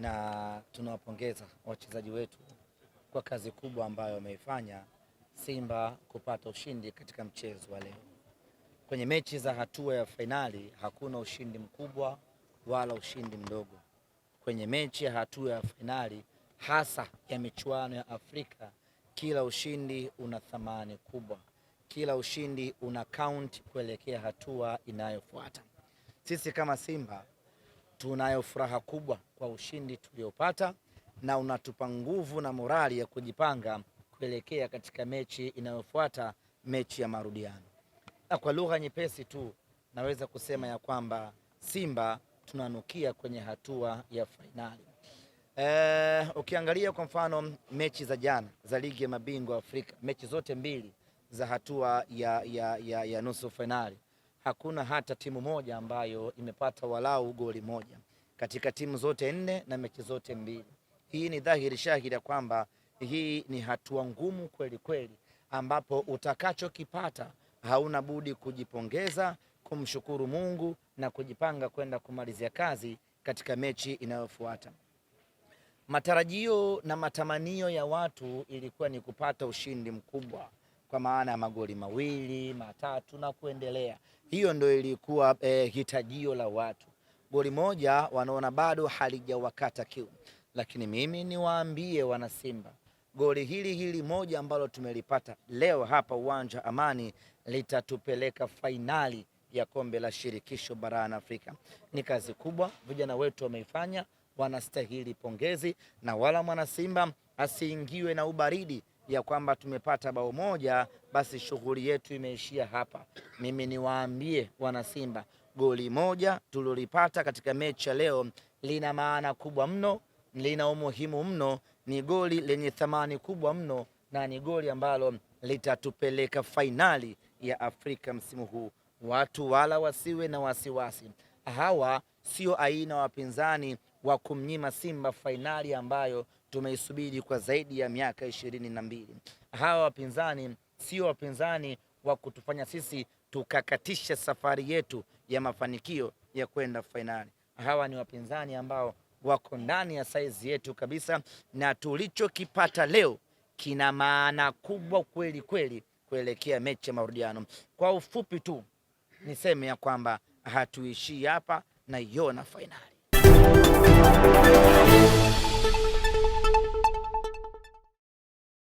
na tunawapongeza wachezaji wetu kwa kazi kubwa ambayo wameifanya Simba kupata ushindi katika mchezo wa leo. Kwenye mechi za hatua ya fainali hakuna ushindi mkubwa wala ushindi mdogo. Kwenye mechi ya hatua ya fainali hasa ya michuano ya Afrika, kila ushindi una thamani kubwa, kila ushindi una kaunti kuelekea hatua inayofuata. Sisi kama Simba tunayo furaha kubwa kwa ushindi tuliopata na unatupa nguvu na morali ya kujipanga kuelekea katika mechi inayofuata, mechi ya marudiano. Na kwa lugha nyepesi tu naweza kusema ya kwamba Simba tunanukia kwenye hatua ya fainali. E, eh, ukiangalia kwa mfano mechi za jana za ligi ya mabingwa Afrika, mechi zote mbili za hatua ya, ya, ya, ya nusu fainali hakuna hata timu moja ambayo imepata walau goli moja katika timu zote nne na mechi zote mbili. Hii ni dhahiri shahidi ya kwamba hii ni hatua ngumu kweli kweli, ambapo utakachokipata hauna budi kujipongeza, kumshukuru Mungu na kujipanga kwenda kumalizia kazi katika mechi inayofuata. Matarajio na matamanio ya watu ilikuwa ni kupata ushindi mkubwa kwa maana ya magoli mawili matatu na kuendelea. Hiyo ndio ilikuwa eh, hitajio la watu. Goli moja wanaona bado halijawakata kiu, lakini mimi niwaambie wanasimba, goli hili hili moja ambalo tumelipata leo hapa uwanja Amani litatupeleka fainali ya kombe la shirikisho barani Afrika. Ni kazi kubwa vijana wetu wameifanya, wanastahili pongezi, na wala mwanasimba asiingiwe na ubaridi ya kwamba tumepata bao moja, basi shughuli yetu imeishia hapa. Mimi niwaambie wanasimba, goli moja tulilolipata katika mechi ya leo lina maana kubwa mno, lina umuhimu mno, ni goli lenye thamani kubwa mno, na ni goli ambalo litatupeleka fainali ya Afrika msimu huu. Watu wala wasiwe na wasiwasi, hawa sio aina wapinzani wa kumnyima Simba fainali ambayo tumeisubiri kwa zaidi ya miaka ishirini na mbili. Hawa wapinzani sio wapinzani wa kutufanya sisi tukakatisha safari yetu ya mafanikio ya kwenda fainali. Hawa ni wapinzani ambao wako ndani ya saizi yetu kabisa, na tulichokipata leo kina maana kubwa kweli kweli kuelekea mechi ya marudiano. Kwa ufupi tu niseme ya kwamba hatuishii hapa, naiona fainali.